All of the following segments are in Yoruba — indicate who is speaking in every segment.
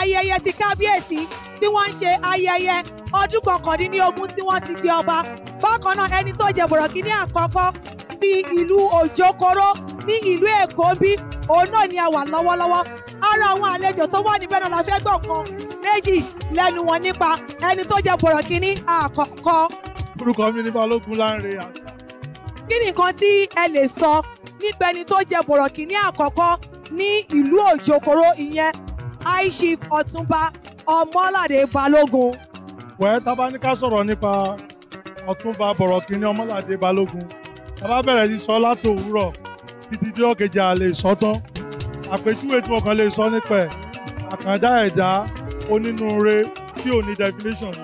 Speaker 1: ayẹyẹ ti kábíyèsí tí wọ́n ń ṣe ayẹyẹ ọdún kọkàndínlógún tí wọ́n ti di ọba bákan náà ẹni tó jẹ bọ̀rọ̀kìnní àkọ́kọ́ bí ìlú òjòkòrò ní ìlú èkó bí òun náà ni a wà lọ́wọ́lọ́wọ́ ara àwọn àlejò tó wà níbẹ̀ náà la fẹ́ gbọ́ kan méjì lẹ́nu wọn nípa ẹni tó jẹ bọ̀rọ̀kìnní àkọ́kọ́. orúkọ mi ni balógun láńre àgbà. kí ni nǹkan tí ẹ lè sọ nípa ẹni tó jẹ bọ̀rọ̀kìnní àkọ́kọ́ ní ìlú òjòkòrò ìyẹn high chief ọ̀túnba ọmọládé balógun. wẹ́ẹ́ tábà ní ká sọ̀rọ̀ nípa ọ̀túnba bọ̀rọ̀ kìíní ọmọládé balógun tábà bẹ̀rẹ̀ sí sọ láti òwúrọ̀ títí dé ọ̀kejì àlè sọ́tán àpèjúwe tí wọn kàn lè sọ nípa ẹ̀ àkàndá ẹ̀dá onínúure tí ò ní definition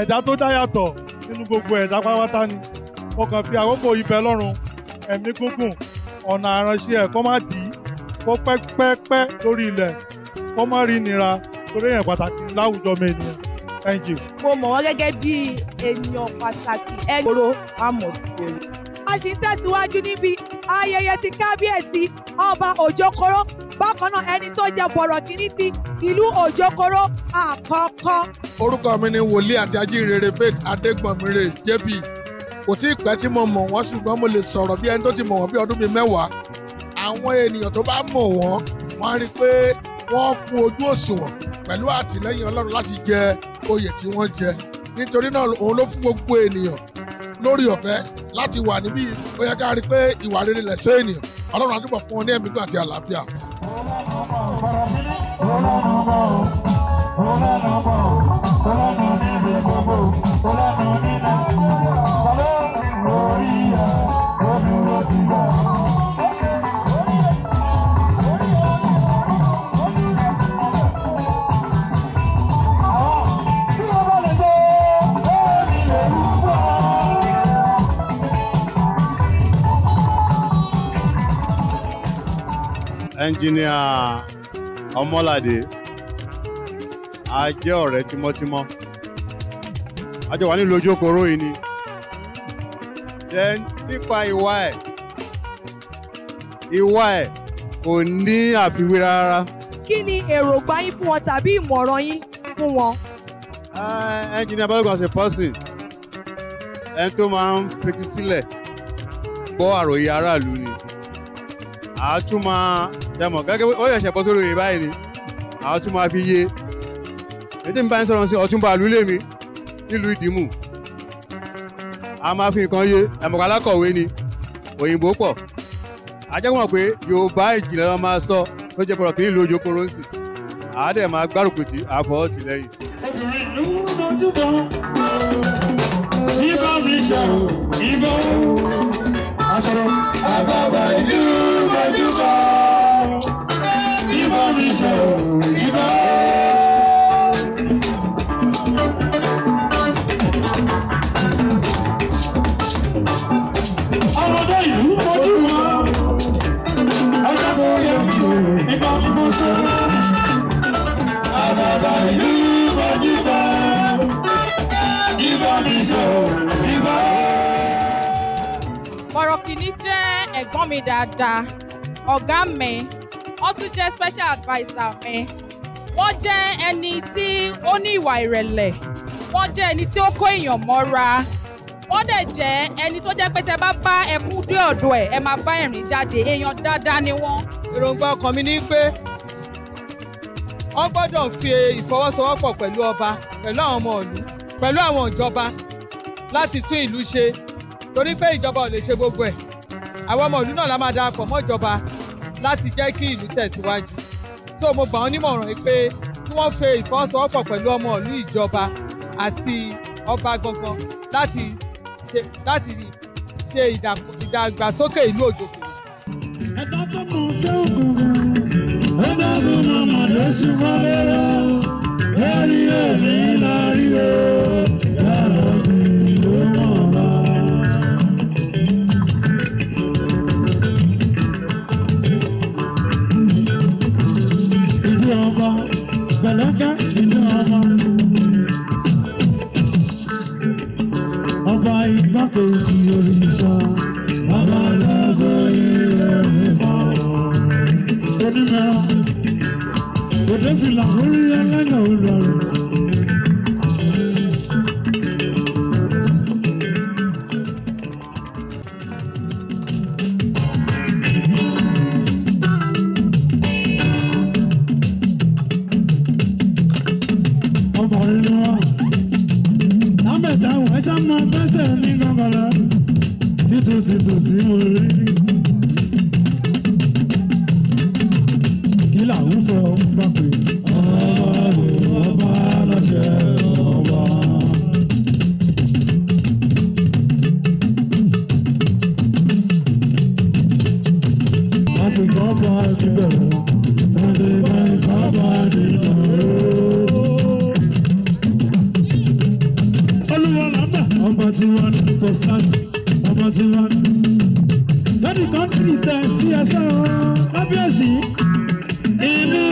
Speaker 1: ẹ̀dá tó dá yàtọ̀ nínú gbogbo ẹ̀dá pátápátá ni wọn kàn fi àkókò ibẹ̀ lọ́rùn ẹ̀mí gúngùn ọ̀nà àránṣẹ́ ẹ̀ kọ́ má dì í kó pẹ́pẹ́pẹ́ lórí ilẹ̀ wọ́n má rí nira torí èèyàn pàtàkì láwùjọ mi ènìyàn thank you. mo mọ̀ wọ́n gẹ́gẹ́ bí ènìyàn pàtàkì ẹni oró amos bèrè. a sì ń tẹ̀síwájú níbi ayẹyẹ ti kábíyèsí ọba òjòkòrò bákan náà ẹni tó jẹ bọ̀rọ̀ kìíní ti ìlú òjòkòrò àkọ́kọ́. orúkọ mi ni wòlíì àti ajínrere faith adégbòmire jp kò tí ì pẹ́ tí mo mọ̀ wọ́n ṣùgbọ́n mo lè sọ̀rọ̀ bí ẹni tó ti mọ̀ wọ́n bí ọdún bíi mẹ́wàá àwọn ènìyàn tó bá mọ̀ wọ́n wọ́n á rí i pé wọ́n kún ojú òṣùwọ̀n pẹ̀lú àtìlẹ́yìn ọlọ́run láti jẹ oyè tí wọ́n jẹ nítorí náà òun ló fún gbogbo ènìyàn lórí ọ̀fẹ́ láti wà níbí ó yẹ ká rí i pé ìwà rere lẹ̀ṣọ́ ènìyàn ọlọ́run àdúgbò fún ọ ní ẹ̀mí àti àlàáfíà. ọlọ́run ọba ò fara sílẹ̀ ọlọ́run ọba ò ọlọ́run ọba ò ọlọ́run. ẹnjìníà ọmọládé a jẹ́ ọ̀rẹ́ tímọ́tímọ́ a jọ wà nílùú ojókòrò yìí ni then nípa ìwà ẹ̀ ìwà ẹ̀ kò ní àfiwé rárá. kí ni èròǹgbà yín fún wọn tàbí ìmọ̀ràn yín fún wọn. ẹnjìníà balógun as a person ẹni tó máa ń fetí sílẹ̀ gbọ́ àròyé aráàlú ni àá tún gẹ́gẹ́ ó yẹ̀ṣẹ̀ bọ́ sórí ìbá ni àá fi yé ètò mi bá ń sọ̀rọ̀ sí ọ̀túnba àlúlé mi nílùú ìdìmú a máa fi nǹkan yé ẹ̀mọ̀kọ alákọ̀wé ni òyìnbó pọ̀ ajẹ́gbọ́n pé Yorùbá ìjìnlẹ̀ lọ́ máa sọ tó jẹ́ bọ̀rọ̀ kí nílùú ojú kóró ń sìn àá máa gbárùkù tí àfọwọ́ ti lẹ́yìn. obìnrin ìlú bọ̀rọ̀ kìíní jẹ́ ẹ̀gbọ́n mi dáadáa ọ̀gá mi wọ́n tún jẹ́ special adviser mi wọ́n jẹ́ ẹni tí ó ní ìwà ìrẹ̀lẹ̀ wọ́n jẹ́ ẹni tí ó kó èèyàn mọ́ra wọ́n dẹ̀ jẹ́ ẹni tó jẹ́ pé tẹ bá bá ẹkú dé ọ̀dọ̀ ẹ̀ ẹ máa bá ẹ̀rín jáde èèyàn dáadáa ni wọ́n. èròǹgbà ọkàn mi ni pé wọ́n gbọ́dọ̀ fi ìfọwọ́sowọ́pọ̀ pẹ̀lú ọba pẹ̀lú àwọn ọmọ ìlú pẹ̀lú àwọn ìjọba láti tún ìlú ṣe torí pé ìjọba ò lè ṣe gbogbo ẹ̀ àwọn ọmọ ìlú náà la máa darapọ̀ mọ́ ìjọba láti jẹ́ kí ìlú tẹ̀síwájú tó mo gbà wọ́n nímọ̀ràn pé kí wọ́n fe ìfọwọ́sowọ́pọ̀ pẹ̀lú ọmọ ìlú ìjọba àti ọba gangan láti ṣe láti ṣe ìdàgbàsókè ìlú òjòkó. ẹ̀ka tó mọ̀ ṣé ògùn gan-an ó dàbí mọ̀mọ́ lóṣù fọ́lẹ́rọ̀ lórí òní lórí o. bàbá igbákejì òrìṣà bàbá tọ́jú ilé ẹ̀fọ́. ajá mọ gbẹ́sẹ̀ ní gọ́gọ́rọ́ títòsítòsí mo rí. kí làwọn bọ̀ ń gbà pé. ọba ló ọba lọ́sẹ̀ ọba. Happy Baba, happy Baba, happy Baba, happy Baba ọmọ tí wọ́n ní kò start ọmọ tí wọ́n. lórí kọ́ńtírì tẹ̀ sí ẹsẹ̀ wọn kábíyèsí. inú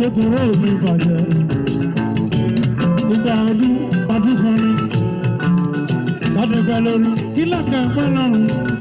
Speaker 1: kékeré mi bàjẹ́ ìgbà ọdún ọdún kan ni lọ́dún pẹ́ lórí kí lọ́kàn lọ́rùn.